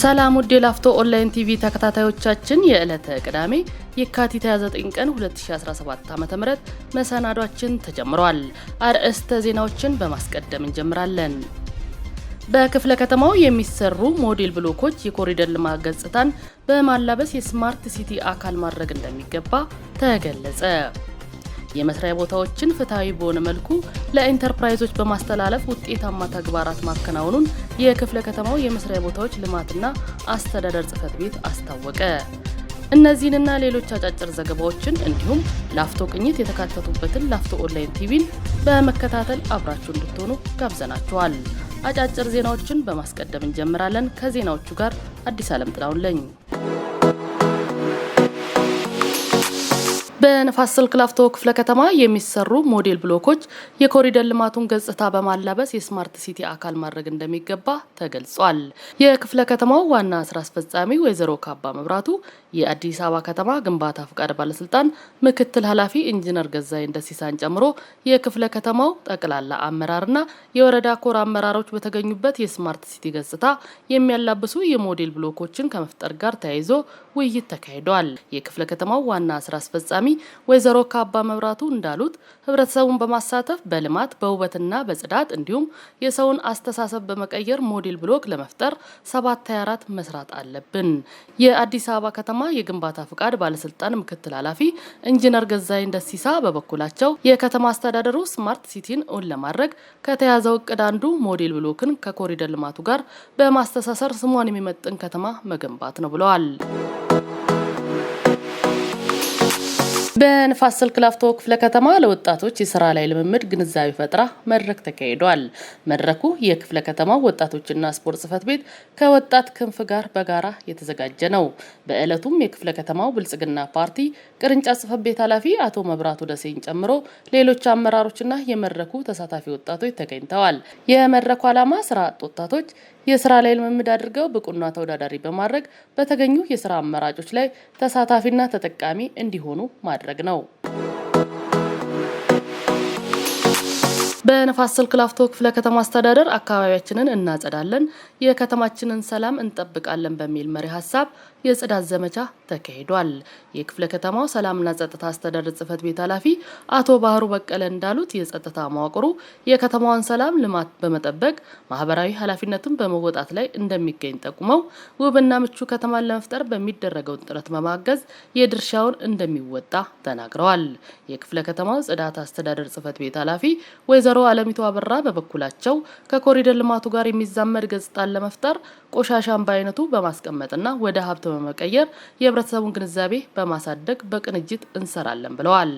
ሰላም ውድ የላፍቶ ኦንላይን ቲቪ ተከታታዮቻችን የዕለተ ቅዳሜ የካቲት 29 ቀን 2017 ም መሰናዷችን ተጀምሯል። አርዕስተ ዜናዎችን በማስቀደም እንጀምራለን። በክፍለ ከተማው የሚሰሩ ሞዴል ብሎኮች የኮሪደር ልማት ገጽታን በማላበስ የስማርት ሲቲ አካል ማድረግ እንደሚገባ ተገለጸ። የመስሪያ ቦታዎችን ፍትሐዊ በሆነ መልኩ ለኢንተርፕራይዞች በማስተላለፍ ውጤታማ ተግባራት ማከናወኑን የክፍለ ከተማው የመስሪያ ቦታዎች ልማትና አስተዳደር ጽህፈት ቤት አስታወቀ። እነዚህንና ሌሎች አጫጭር ዘገባዎችን እንዲሁም ላፍቶ ቅኝት የተካተቱበትን ላፍቶ ኦንላይን ቲቪን በመከታተል አብራችሁ እንድትሆኑ ጋብዘናችኋል። አጫጭር ዜናዎችን በማስቀደም እንጀምራለን። ከዜናዎቹ ጋር አዲስ አለም ጥላውን ለኝ በነፋስ ስልክ ላፍቶ ክፍለ ከተማ የሚሰሩ ሞዴል ብሎኮች የኮሪደር ልማቱን ገጽታ በማላበስ የስማርት ሲቲ አካል ማድረግ እንደሚገባ ተገልጿል። የክፍለ ከተማው ዋና ስራ አስፈጻሚ ወይዘሮ ካባ መብራቱ የአዲስ አበባ ከተማ ግንባታ ፍቃድ ባለስልጣን ምክትል ኃላፊ ኢንጂነር ገዛይ እንደሲሳን ጨምሮ የክፍለ ከተማው ጠቅላላ አመራርና የወረዳ ኮር አመራሮች በተገኙበት የስማርት ሲቲ ገጽታ የሚያላብሱ የሞዴል ብሎኮችን ከመፍጠር ጋር ተያይዞ ውይይት ተካሂደዋል። የክፍለ ከተማው ዋና ስራ አስፈጻሚ ተጠቃሚ ወይዘሮ ካባ መብራቱ እንዳሉት ህብረተሰቡን በማሳተፍ በልማት በውበትና በጽዳት እንዲሁም የሰውን አስተሳሰብ በመቀየር ሞዴል ብሎክ ለመፍጠር ሰባት ተያራት መስራት አለብን። የአዲስ አበባ ከተማ የግንባታ ፍቃድ ባለስልጣን ምክትል ኃላፊ ኢንጂነር ገዛይን ደሲሳ በበኩላቸው የከተማ አስተዳደሩ ስማርት ሲቲን እውን ለማድረግ ከተያዘው እቅድ አንዱ ሞዴል ብሎክን ከኮሪደር ልማቱ ጋር በማስተሳሰር ስሟን የሚመጥን ከተማ መገንባት ነው ብለዋል። በንፋስ ስልክ ላፍቶ ክፍለ ከተማ ለወጣቶች የስራ ላይ ልምምድ ግንዛቤ ፈጥራ መድረክ ተካሂዷል። መድረኩ የክፍለ ከተማው ወጣቶችና ስፖርት ጽፈት ቤት ከወጣት ክንፍ ጋር በጋራ የተዘጋጀ ነው። በዕለቱም የክፍለ ከተማው ብልጽግና ፓርቲ ቅርንጫፍ ጽፈት ቤት ኃላፊ አቶ መብራቱ ደሴን ጨምሮ ሌሎች አመራሮችና የመድረኩ ተሳታፊ ወጣቶች ተገኝተዋል። የመድረኩ ዓላማ ስራ አጥ ወጣቶች የስራ ላይ ልምምድ አድርገው ብቁና ተወዳዳሪ በማድረግ በተገኙ የስራ አማራጮች ላይ ተሳታፊና ተጠቃሚ እንዲሆኑ ማድረግ ነው። በነፋስ ስልክ ላፍቶ ክፍለ ከተማ አስተዳደር አካባቢያችንን እናጸዳለን፣ የከተማችንን ሰላም እንጠብቃለን በሚል መሪ ሀሳብ የጽዳት ዘመቻ ተካሂዷል። የክፍለ ከተማው ሰላምና ጸጥታ አስተዳደር ጽህፈት ቤት ኃላፊ አቶ ባህሩ በቀለ እንዳሉት የጸጥታ መዋቅሩ የከተማዋን ሰላም ልማት በመጠበቅ ማህበራዊ ኃላፊነቱን በመወጣት ላይ እንደሚገኝ ጠቁመው ውብና ምቹ ከተማን ለመፍጠር በሚደረገው ጥረት በማገዝ የድርሻውን እንደሚወጣ ተናግረዋል። የክፍለ ከተማው ጽዳት አስተዳደር ጽህፈት ቤት ኃላፊ ወይዘሮ ወይዘሮ አለሚቱ አበራ በበኩላቸው ከኮሪደር ልማቱ ጋር የሚዛመድ ገጽታን ለመፍጠር ቆሻሻን በአይነቱ በማስቀመጥና ወደ ሀብት በመቀየር የህብረተሰቡን ግንዛቤ በማሳደግ በቅንጅት እንሰራለን ብለዋል።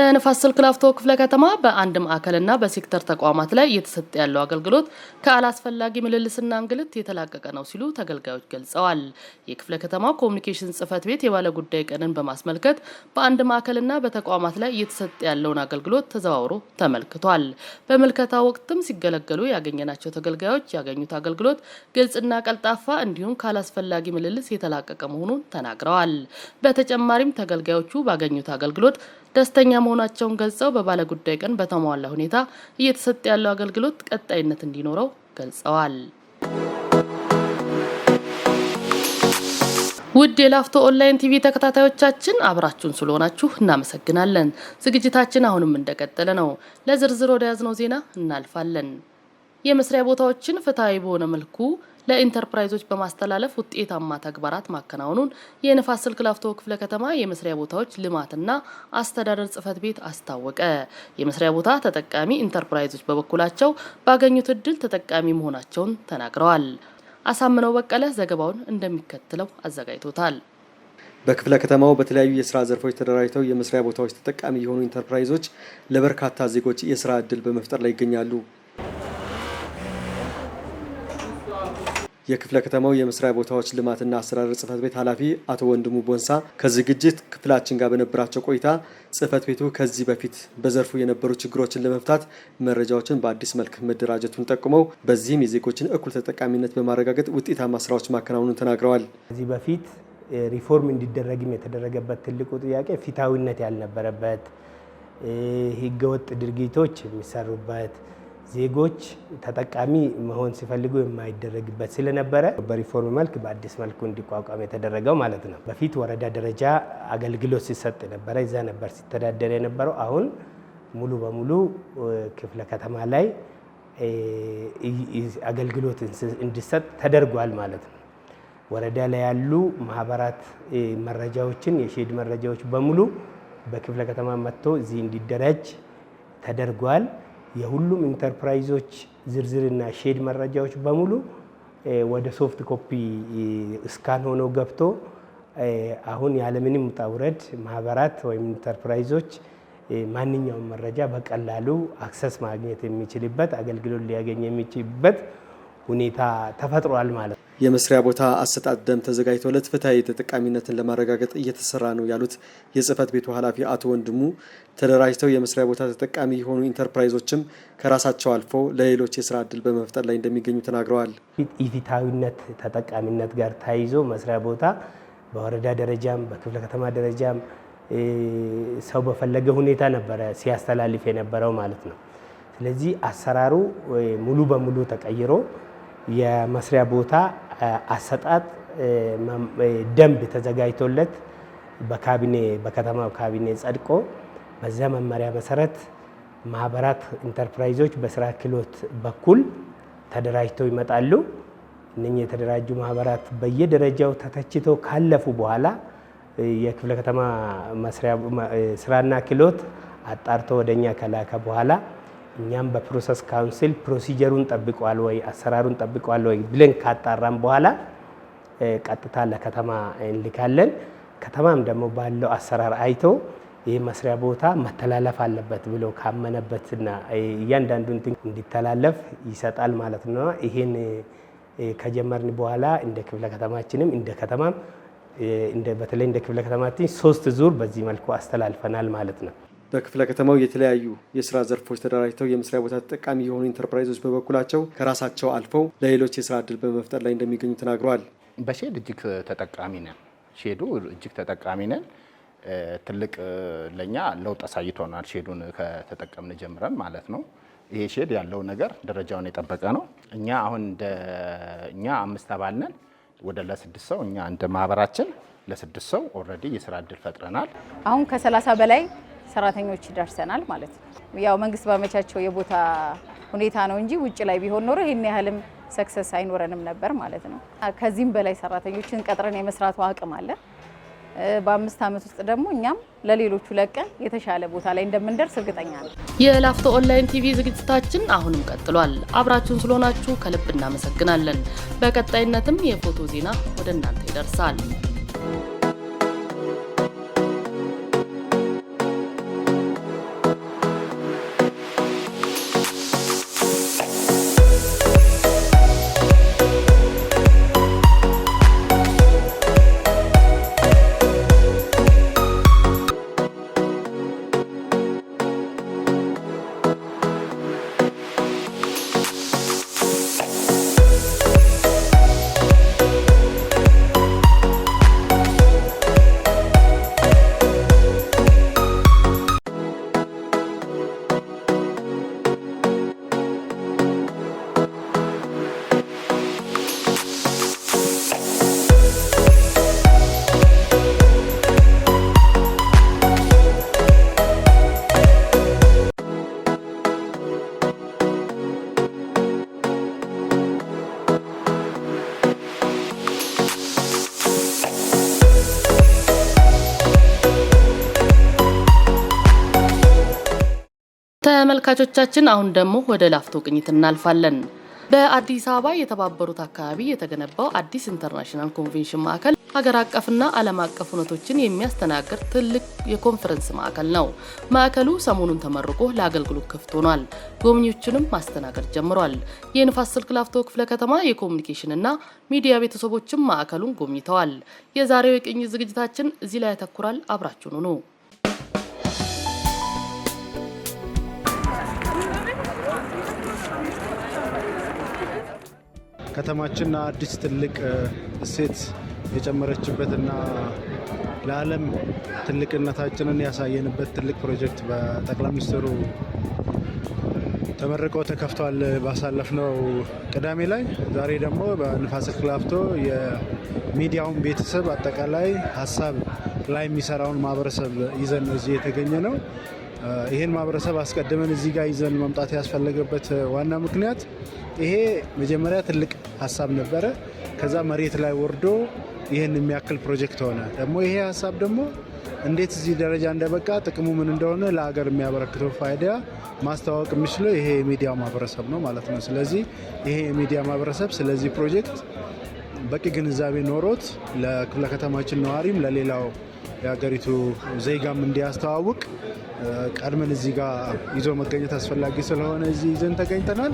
በንፋስ ስልክ ላፍቶ ክፍለ ከተማ በአንድ ማዕከልና በሴክተር ተቋማት ላይ እየተሰጠ ያለው አገልግሎት ከአላስፈላጊ ምልልስና እንግልት የተላቀቀ ነው ሲሉ ተገልጋዮች ገልጸዋል። የክፍለ ከተማው ኮሚኒኬሽን ጽህፈት ቤት የባለ ጉዳይ ቀንን በማስመልከት በአንድ ማዕከልና በተቋማት ላይ እየተሰጠ ያለውን አገልግሎት ተዘዋውሮ ተመልክቷል። በምልከታ ወቅትም ሲገለገሉ ያገኘናቸው ተገልጋዮች ያገኙት አገልግሎት ግልጽና ቀልጣፋ እንዲሁም ከአላስፈላጊ ምልልስ የተላቀቀ መሆኑን ተናግረዋል። በተጨማሪም ተገልጋዮቹ ባገኙት አገልግሎት ደስተኛ መሆናቸውን ገልጸው በባለጉዳይ ቀን በተሟላ ሁኔታ እየተሰጠ ያለው አገልግሎት ቀጣይነት እንዲኖረው ገልጸዋል። ውድ የላፍቶ ኦንላይን ቲቪ ተከታታዮቻችን አብራችሁን ስለሆናችሁ እናመሰግናለን። ዝግጅታችን አሁንም እንደቀጠለ ነው። ለዝርዝር ወደ ያዝነው ዜና እናልፋለን። የመስሪያ ቦታዎችን ፍትሐዊ በሆነ መልኩ ለኢንተርፕራይዞች በማስተላለፍ ውጤታማ ተግባራት ማከናወኑን የንፋስ ስልክ ላፍቶ ክፍለ ከተማ የመስሪያ ቦታዎች ልማትና አስተዳደር ጽህፈት ቤት አስታወቀ። የመስሪያ ቦታ ተጠቃሚ ኢንተርፕራይዞች በበኩላቸው ባገኙት እድል ተጠቃሚ መሆናቸውን ተናግረዋል። አሳምነው በቀለ ዘገባውን እንደሚከተለው አዘጋጅቶታል። በክፍለ ከተማው በተለያዩ የስራ ዘርፎች ተደራጅተው የመስሪያ ቦታዎች ተጠቃሚ የሆኑ ኢንተርፕራይዞች ለበርካታ ዜጎች የስራ እድል በመፍጠር ላይ ይገኛሉ። የክፍለ ከተማው የመስሪያ ቦታዎች ልማትና አሰራር ጽህፈት ቤት ኃላፊ አቶ ወንድሙ ቦንሳ ከዝግጅት ክፍላችን ጋር በነበራቸው ቆይታ ጽህፈት ቤቱ ከዚህ በፊት በዘርፉ የነበሩ ችግሮችን ለመፍታት መረጃዎችን በአዲስ መልክ መደራጀቱን ጠቁመው በዚህም የዜጎችን እኩል ተጠቃሚነት በማረጋገጥ ውጤታማ ስራዎች ማከናወኑን ተናግረዋል። ከዚህ በፊት ሪፎርም እንዲደረግም የተደረገበት ትልቁ ጥያቄ ፊታዊነት ያልነበረበት ህገወጥ ድርጊቶች የሚሰሩበት ዜጎች ተጠቃሚ መሆን ሲፈልጉ የማይደረግበት ስለነበረ በሪፎርም መልክ በአዲስ መልኩ እንዲቋቋም የተደረገው ማለት ነው። በፊት ወረዳ ደረጃ አገልግሎት ሲሰጥ ነበረ፣ እዛ ነበር ሲተዳደር የነበረው። አሁን ሙሉ በሙሉ ክፍለ ከተማ ላይ አገልግሎት እንዲሰጥ ተደርጓል ማለት ነው። ወረዳ ላይ ያሉ ማህበራት መረጃዎችን የሼድ መረጃዎች በሙሉ በክፍለ ከተማ መጥቶ እዚህ እንዲደራጅ ተደርጓል። የሁሉም ኢንተርፕራይዞች ዝርዝርና ሼድ መረጃዎች በሙሉ ወደ ሶፍት ኮፒ እስካን ሆነው ገብቶ አሁን ያለምንም ውጣ ውረድ ማህበራት ወይም ኢንተርፕራይዞች ማንኛውም መረጃ በቀላሉ አክሰስ ማግኘት የሚችልበት አገልግሎት ሊያገኝ የሚችልበት ሁኔታ ተፈጥሯል ማለት ነው። የመስሪያ ቦታ አሰጣጥ ደንብ ተዘጋጅቶለት ፍትሐዊ ተጠቃሚነትን ለማረጋገጥ እየተሰራ ነው ያሉት የጽህፈት ቤቱ ኃላፊ አቶ ወንድሙ ተደራጅተው የመስሪያ ቦታ ተጠቃሚ የሆኑ ኢንተርፕራይዞችም ከራሳቸው አልፎ ለሌሎች የስራ እድል በመፍጠር ላይ እንደሚገኙ ተናግረዋል። ኢፍትሐዊነት ተጠቃሚነት ጋር ተያይዞ መስሪያ ቦታ በወረዳ ደረጃም በክፍለ ከተማ ደረጃም ሰው በፈለገ ሁኔታ ነበረ ሲያስተላልፍ የነበረው ማለት ነው። ስለዚህ አሰራሩ ሙሉ በሙሉ ተቀይሮ የመስሪያ ቦታ አሰጣጥ ደንብ ተዘጋጅቶለት በካቢኔ በከተማ ካቢኔ ጸድቆ በዚያ መመሪያ መሰረት ማህበራት ኢንተርፕራይዞች በስራ ክህሎት በኩል ተደራጅተው ይመጣሉ። እነኚህ የተደራጁ ማህበራት በየደረጃው ተተችተው ካለፉ በኋላ የክፍለ ከተማ ስራና ክህሎት አጣርቶ ወደኛ ከላከ በኋላ እኛም በፕሮሰስ ካውንስል ፕሮሲጀሩን ጠብቋል ወይ አሰራሩን ጠብቋል ወይ ብለን ካጣራም በኋላ ቀጥታ ለከተማ እንልካለን። ከተማም ደግሞ ባለው አሰራር አይቶ ይህ መስሪያ ቦታ መተላለፍ አለበት ብሎ ካመነበትና እያንዳንዱን እንዲተላለፍ ይሰጣል ማለት ነው። ይህን ከጀመርን በኋላ እንደ ክፍለ ከተማችንም እንደ ከተማም በተለይ እንደ ክፍለ ከተማችን ሶስት ዙር በዚህ መልኩ አስተላልፈናል ማለት ነው። በክፍለ ከተማው የተለያዩ የስራ ዘርፎች ተደራጅተው የመስሪያ ቦታ ተጠቃሚ የሆኑ ኢንተርፕራይዞች በበኩላቸው ከራሳቸው አልፈው ለሌሎች የስራ እድል በመፍጠር ላይ እንደሚገኙ ተናግረዋል። በሼድ እጅግ ተጠቃሚ ነን። ሼዱ እጅግ ተጠቃሚ ነን። ትልቅ ለእኛ ለውጥ አሳይቶናል። ሼዱን ከተጠቀምን ጀምረን ማለት ነው። ይሄ ሼድ ያለው ነገር ደረጃውን የጠበቀ ነው። እኛ አሁን እንደ እኛ አምስት አባል ነን። ወደ ለስድስት ሰው እኛ እንደ ማህበራችን ለስድስት ሰው ኦልሬዲ የስራ እድል ፈጥረናል። አሁን ከሰላሳ በላይ ሰራተኞች ይደርሰናል ማለት ነው። ያው መንግስት ባመቻቸው የቦታ ሁኔታ ነው እንጂ ውጭ ላይ ቢሆን ኖሮ ይህን ያህልም ሰክሰስ አይኖረንም ነበር ማለት ነው። ከዚህም በላይ ሰራተኞችን ቀጥረን የመስራቱ አቅም አለ። በአምስት ዓመት ውስጥ ደግሞ እኛም ለሌሎቹ ለቀን የተሻለ ቦታ ላይ እንደምንደርስ እርግጠኛ ነው። የላፍቶ ኦንላይን ቲቪ ዝግጅታችን አሁንም ቀጥሏል። አብራችሁን ስለሆናችሁ ከልብ እናመሰግናለን። በቀጣይነትም የፎቶ ዜና ወደ እናንተ ይደርሳል። ተመልካቾቻችን አሁን ደግሞ ወደ ላፍቶ ቅኝት እናልፋለን። በአዲስ አበባ የተባበሩት አካባቢ የተገነባው አዲስ ኢንተርናሽናል ኮንቬንሽን ማዕከል ሀገር አቀፍና ዓለም አቀፍ እውነቶችን የሚያስተናግድ ትልቅ የኮንፈረንስ ማዕከል ነው። ማዕከሉ ሰሞኑን ተመርቆ ለአገልግሎት ክፍት ሆኗል። ጎብኚዎችንም ማስተናገድ ጀምሯል። የንፋስ ስልክ ላፍቶ ክፍለ ከተማ የኮሚኒኬሽንና ሚዲያ ቤተሰቦችም ማዕከሉን ጎብኝተዋል። የዛሬው የቅኝት ዝግጅታችን እዚህ ላይ ያተኩራል። አብራችሁኑ ነው። ከተማችን አዲስ ትልቅ እሴት የጨመረችበትና ለዓለም ትልቅነታችንን ያሳየንበት ትልቅ ፕሮጀክት በጠቅላይ ሚኒስትሩ ተመርቆ ተከፍቷል ባሳለፍነው ቅዳሜ ላይ። ዛሬ ደግሞ በንፋስ ስልክ ላፍቶ የሚዲያውን ቤተሰብ አጠቃላይ ሀሳብ ላይ የሚሰራውን ማህበረሰብ ይዘን እዚህ የተገኘ ነው። ይህን ማህበረሰብ አስቀድመን እዚህ ጋር ይዘን መምጣት ያስፈለገበት ዋና ምክንያት ይሄ መጀመሪያ ትልቅ ሀሳብ ነበረ። ከዛ መሬት ላይ ወርዶ ይህን የሚያክል ፕሮጀክት ሆነ። ደግሞ ይሄ ሀሳብ ደግሞ እንዴት እዚህ ደረጃ እንደበቃ ጥቅሙ ምን እንደሆነ ለሀገር የሚያበረክተው ፋይዳ ማስተዋወቅ የሚችለው ይሄ የሚዲያ ማህበረሰብ ነው ማለት ነው። ስለዚህ ይሄ የሚዲያ ማህበረሰብ ስለዚህ ፕሮጀክት በቂ ግንዛቤ ኖሮት ለክፍለ ከተማችን ነዋሪም ለሌላው የሀገሪቱ ዜጋም እንዲያስተዋውቅ ቀድመን እዚህ ጋር ይዞ መገኘት አስፈላጊ ስለሆነ እዚህ ይዘን ተገኝተናል።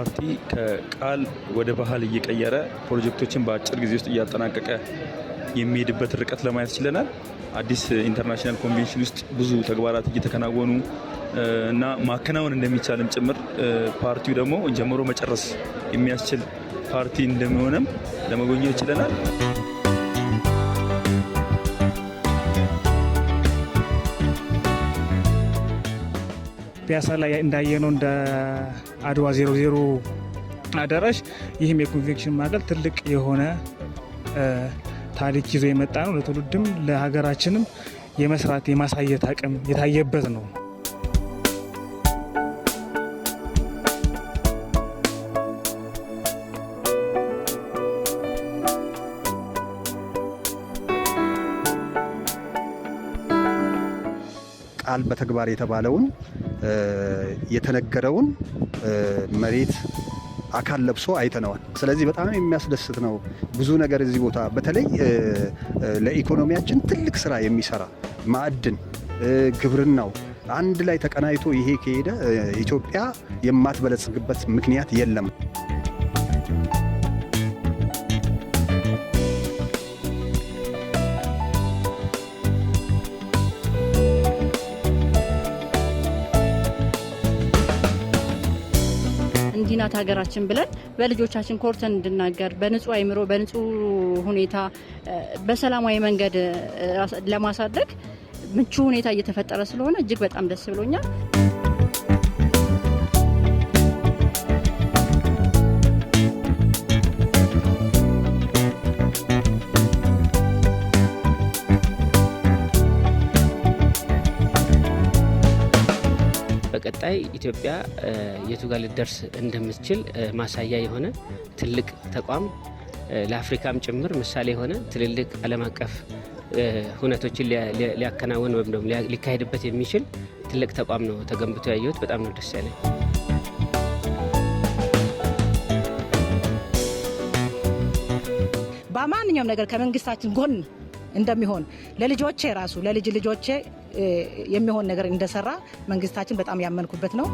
ፓርቲ ከቃል ወደ ባህል እየቀየረ ፕሮጀክቶችን በአጭር ጊዜ ውስጥ እያጠናቀቀ የሚሄድበት ርቀት ለማየት ችለናል። አዲስ ኢንተርናሽናል ኮንቬንሽን ውስጥ ብዙ ተግባራት እየተከናወኑ እና ማከናወን እንደሚቻልም ጭምር ፓርቲው ደግሞ ጀምሮ መጨረስ የሚያስችል ፓርቲ እንደሚሆነም ለመጎብኘት ችለናል። ፒያሳ ላይ እንዳየነው እንደ አድዋ 00 አዳራሽ ይህም የኮንቬንሽን ማዕከል ትልቅ የሆነ ታሪክ ይዞ የመጣ ነው። ለትውልድም ለሀገራችንም የመስራት የማሳየት አቅም የታየበት ነው። ቃል በተግባር የተባለውን የተነገረውን መሬት አካል ለብሶ አይተነዋል። ስለዚህ በጣም የሚያስደስት ነው። ብዙ ነገር እዚህ ቦታ በተለይ ለኢኮኖሚያችን ትልቅ ስራ የሚሰራ ማዕድን፣ ግብርናው አንድ ላይ ተቀናይቶ ይሄ ከሄደ ኢትዮጵያ የማትበለጽግበት ምክንያት የለም። ናት ሀገራችን ብለን በልጆቻችን ኮርተን እንድናገር በንጹህ አይምሮ በንጹህ ሁኔታ በሰላማዊ መንገድ ለማሳደግ ምቹ ሁኔታ እየተፈጠረ ስለሆነ እጅግ በጣም ደስ ብሎኛል። በቀጣይ ኢትዮጵያ የቱ ጋር ልደርስ እንደምትችል ማሳያ የሆነ ትልቅ ተቋም ለአፍሪካም ጭምር ምሳሌ የሆነ ትልልቅ ዓለም አቀፍ ሁነቶችን ሊያከናውን ወይም ደግሞ ሊካሄድበት የሚችል ትልቅ ተቋም ነው ተገንብቶ ያየሁት። በጣም ነው ደስ ያለኝ። በማንኛውም ነገር ከመንግስታችን ጎን እንደሚሆን ለልጆቼ ራሱ ለልጅ ልጆቼ የሚሆን ነገር እንደሰራ መንግስታችን በጣም ያመንኩበት ነው።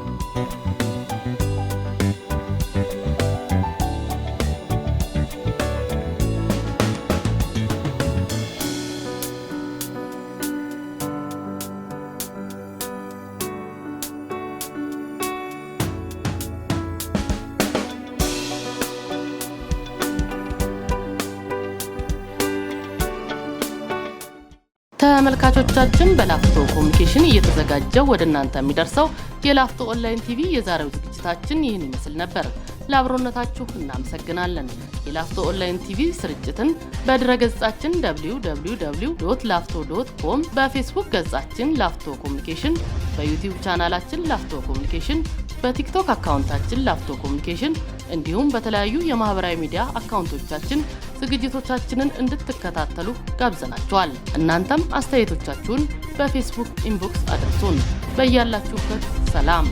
ተመልካቾቻችን በላፍቶ ኮሚኒኬሽን እየተዘጋጀው ወደ እናንተ የሚደርሰው የላፍቶ ኦንላይን ቲቪ የዛሬው ዝግጅታችን ይህን ይመስል ነበር። ለአብሮነታችሁ እናመሰግናለን። የላፍቶ ኦንላይን ቲቪ ስርጭትን በድረገጻችን ገጻችን ላፍቶ ዶት ኮም፣ በፌስቡክ ገጻችን ላፍቶ ኮሚኒኬሽን፣ በዩቲዩብ ቻናላችን ላፍቶ ኮሚኒኬሽን፣ በቲክቶክ አካውንታችን ላፍቶ ኮሚኒኬሽን እንዲሁም በተለያዩ የማህበራዊ ሚዲያ አካውንቶቻችን ዝግጅቶቻችንን እንድትከታተሉ ጋብዘናቸዋል። እናንተም አስተያየቶቻችሁን በፌስቡክ ኢንቦክስ አድርሱን። በያላችሁበት ሰላም